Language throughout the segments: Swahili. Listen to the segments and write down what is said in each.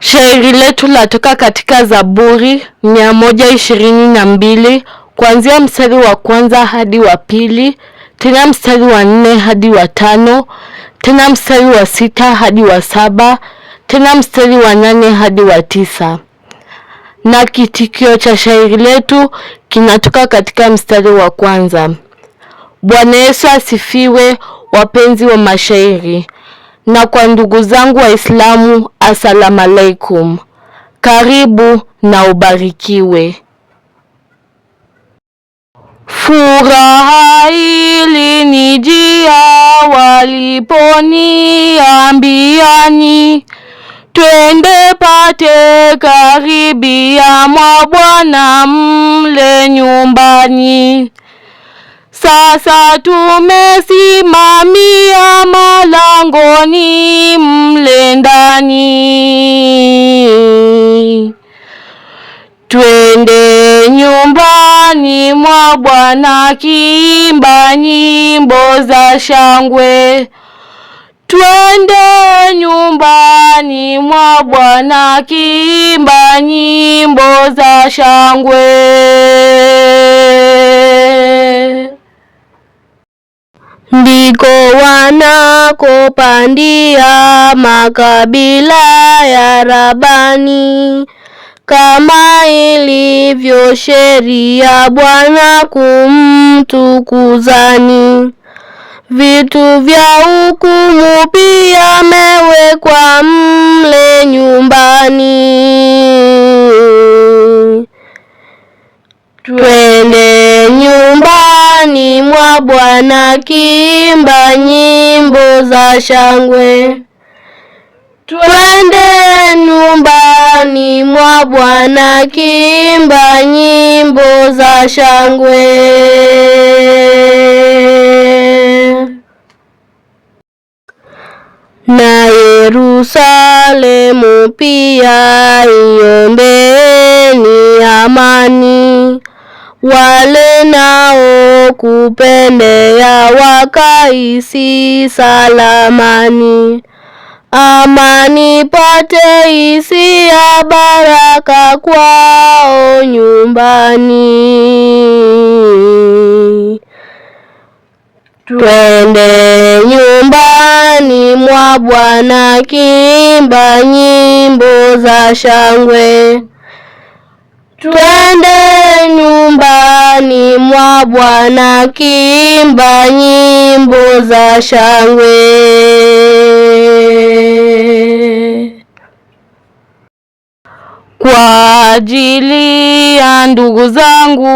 Shairi letu latoka katika Zaburi mia moja ishirini na mbili kuanzia mstari wa kwanza hadi wa pili, tena mstari wa nne hadi wa tano, tena mstari wa sita hadi wa saba, tena mstari wa nane hadi wa tisa. Na kitikio cha shairi letu kinatoka katika mstari wa kwanza. Bwana Yesu asifiwe, wapenzi wa mashairi na kwa ndugu zangu Waislamu, assalamu alaikum. Karibu na ubarikiwe. Furaha ilinijia waliponiambiani, twende pate karibia mwa Bwana mle nyumbani sasa tumesimamia malangoni mle ndani, twende nyumbani mwa Bwana kiimba nyimbo za shangwe, twende nyumbani mwa Bwana kiimba nyimbo za shangwe. Ndiko wanakopandia makabila ya Rabani, kama ilivyo sheria Bwana kumtukuzani. Vitu vya hukumu pia mewekwa mle nyumbani Twe Bwana kiimba nyimbo za shangwe, twende nyumbani mwa Bwana kiimba nyimbo za shangwe. Na Yerusalemu pia iombeni amani wale nao kupendea wakaisi salamani. Amani pate ya baraka kwao nyumbani. Twende nyumbani mwa Bwana, kiimba nyimbo za shangwe. Twende nyumbani mwa Bwana, kiimba nyimbo za shangwe kwa ajili ya ndugu zangu,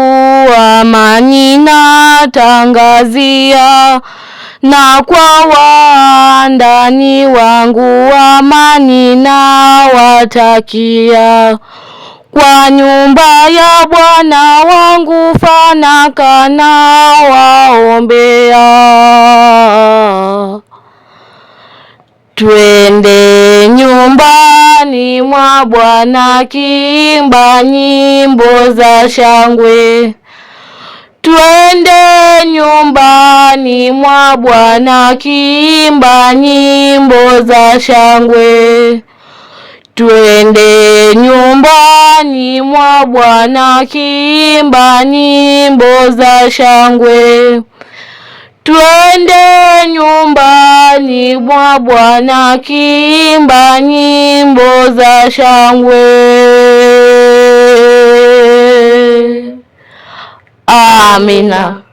amani natangazia, na kwa wandani wangu, amani nawatakia. Kwa nyumba ya Bwana wangu fanaka waombea Twende nyumbani mwa Bwana kiimba nyimbo za shangwe. Twende nyumbani mwa Bwana kiimba nyimbo za shangwe. Twende nyumba Nyumbani mwa Bwana akiimba nyimbo za shangwe. Twende nyumbani mwa Bwana akiimba nyimbo za shangwe. Amina.